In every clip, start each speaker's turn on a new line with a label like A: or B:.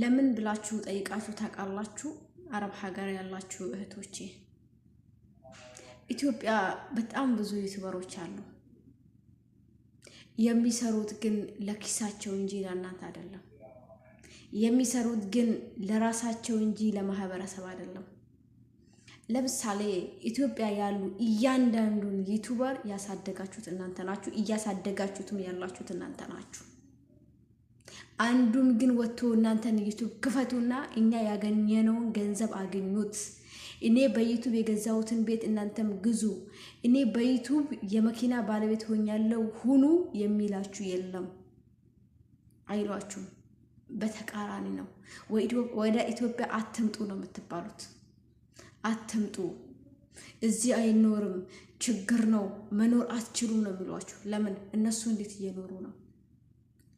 A: ለምን ብላችሁ ጠይቃችሁ ታውቃላችሁ? አረብ ሀገር ያላችሁ እህቶቼ፣ ኢትዮጵያ በጣም ብዙ ዩቱበሮች አሉ። የሚሰሩት ግን ለኪሳቸው እንጂ ለእናንተ አይደለም። የሚሰሩት ግን ለራሳቸው እንጂ ለማህበረሰብ አይደለም። ለምሳሌ ኢትዮጵያ ያሉ እያንዳንዱን ዩቱበር ያሳደጋችሁት እናንተ ናችሁ፣ እያሳደጋችሁትም ያላችሁት እናንተ ናችሁ። አንዱም ግን ወጥቶ እናንተን ዩቱብ ክፈቱና እኛ ያገኘነውን ገንዘብ አገኙት። እኔ በዩቱብ የገዛሁትን ቤት እናንተም ግዙ፣ እኔ በዩቱብ የመኪና ባለቤት ሆኛለሁ ሁኑ የሚላችሁ የለም አይሏችሁም። በተቃራኒ ነው። ወደ ኢትዮጵያ አትምጡ ነው የምትባሉት። አትምጡ፣ እዚህ አይኖርም፣ ችግር ነው፣ መኖር አትችሉም ነው የሚሏችሁ። ለምን? እነሱ እንዴት እየኖሩ ነው?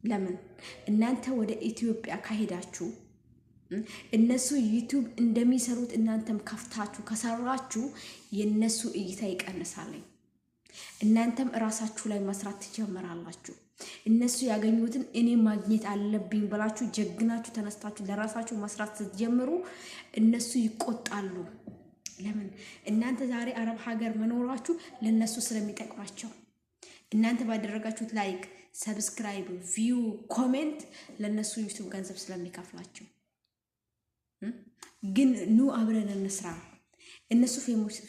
A: ለምን እናንተ ወደ ኢትዮጵያ ካሄዳችሁ እነሱ ዩቱብ እንደሚሰሩት እናንተም ከፍታችሁ ከሰራችሁ የእነሱ እይታ ይቀንሳለኝ። እናንተም እራሳችሁ ላይ መስራት ትጀምራላችሁ። እነሱ ያገኙትን እኔ ማግኘት አለብኝ ብላችሁ ጀግናችሁ ተነስታችሁ ለራሳችሁ መስራት ስትጀምሩ እነሱ ይቆጣሉ። ለምን እናንተ ዛሬ አረብ ሀገር መኖራችሁ ለእነሱ ስለሚጠቅማቸው እናንተ ባደረጋችሁት ላይክ፣ ሰብስክራይብ፣ ቪው፣ ኮሜንት ለእነሱ ዩቱብ ገንዘብ ስለሚከፍላቸው ግን ኑ አብረን እንስራ። እነሱ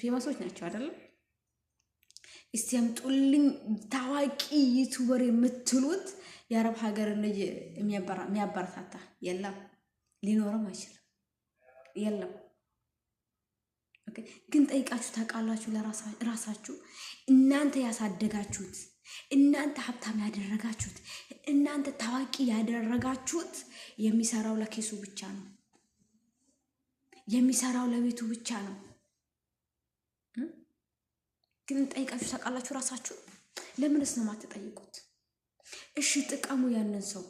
A: ፌማሶች ናቸው አይደለም? እስቲ ያምጡልኝ ታዋቂ ዩቱበር የምትሉት የአረብ ሀገር ልጅ የሚያበረታታ የለም፣ ሊኖርም አይችልም፣ የለም። ግን ጠይቃችሁ ታውቃላችሁ? ለራሳችሁ እናንተ ያሳደጋችሁት እናንተ ሀብታም ያደረጋችሁት፣ እናንተ ታዋቂ ያደረጋችሁት የሚሰራው ለኬሱ ብቻ ነው። የሚሰራው ለቤቱ ብቻ ነው። ግን ጠይቃችሁ ታውቃላችሁ ራሳችሁ? ለምንስ ነው የማትጠይቁት? እሺ ጥቀሙ ያንን ሰው።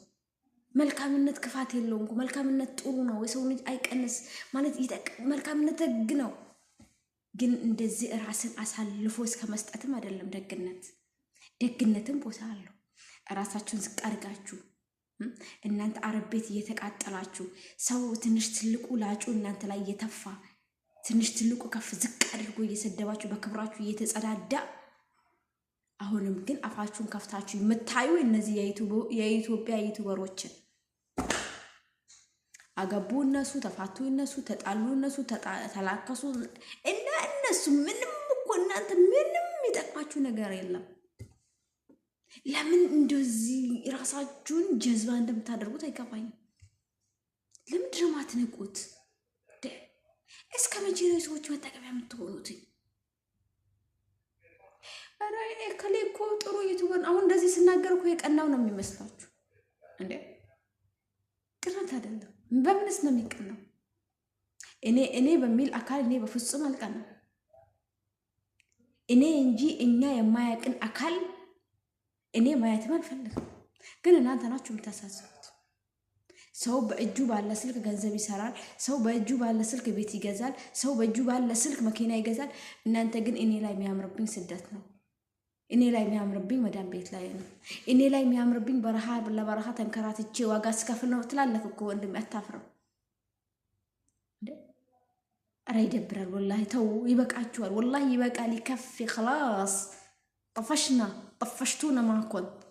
A: መልካምነት ክፋት የለውም መልካምነት ጥሩ ነው። የሰው ልጅ አይቀንስ ማለት መልካምነት ደግ ነው። ግን እንደዚህ ራስን አሳልፎ እስከ መስጠትም አይደለም ደግነት። ደግነትም ቦታ አለው። ራሳችሁን ዝቅ አድርጋችሁ እናንተ አረብ ቤት እየተቃጠላችሁ ሰው ትንሽ ትልቁ ላጩ እናንተ ላይ እየተፋ ትንሽ ትልቁ ከፍ ዝቅ አድርጎ እየሰደባችሁ በክብራችሁ እየተጸዳዳ አሁንም ግን አፋችሁን ከፍታችሁ የምታዩ እነዚህ የኢትዮጵያ ዩቱበሮችን አገቡ እነሱ፣ ተፋቱ እነሱ፣ ተጣሉ እነሱ፣ ተላከሱ እና እነሱ ምንም እኮ እናንተ ምንም የሚጠቅማችሁ ነገር የለም። ለምን እንደዚህ ራሳችሁን ጀዝባ እንደምታደርጉት አይገባኝም። ለምንድን ነው ማትንቁት? እስከ መቼ ነው ሰዎች መጠቀሚያ የምትሆኑት? ከሌ እኮ ጥሩ ዩቱበር አሁን እንደዚህ ስናገር እኮ የቀናው ነው የሚመስላችሁ እንዴ? ቅናት አይደለም። በምንስ ነው የሚቀናው? እኔ እኔ በሚል አካል እኔ በፍጹም አልቀናም። እኔ እንጂ እኛ የማያውቅን አካል እኔ ማየትም አልፈልግም፣ ግን እናንተ ናችሁ የምታሳዝኑት። ሰው በእጁ ባለ ስልክ ገንዘብ ይሰራል። ሰው በእጁ ባለ ስልክ ቤት ይገዛል። ሰው በእጁ ባለ ስልክ መኪና ይገዛል። እናንተ ግን እኔ ላይ የሚያምርብኝ ስደት ነው። እኔ ላይ የሚያምርብኝ መዳን ቤት ላይ ነው። እኔ ላይ የሚያምርብኝ በረሃ ለበረሃ ተንከራትቼ ዋጋ ስከፍል ነው። ትላለህ እኮ ወንድም አታፍረው። ኧረ ይደብራል። ወላሂ ተው፣ ይበቃችኋል። ወላሂ ይበቃል። ይከፍ ክላስ طفشنا طفشتونا معكم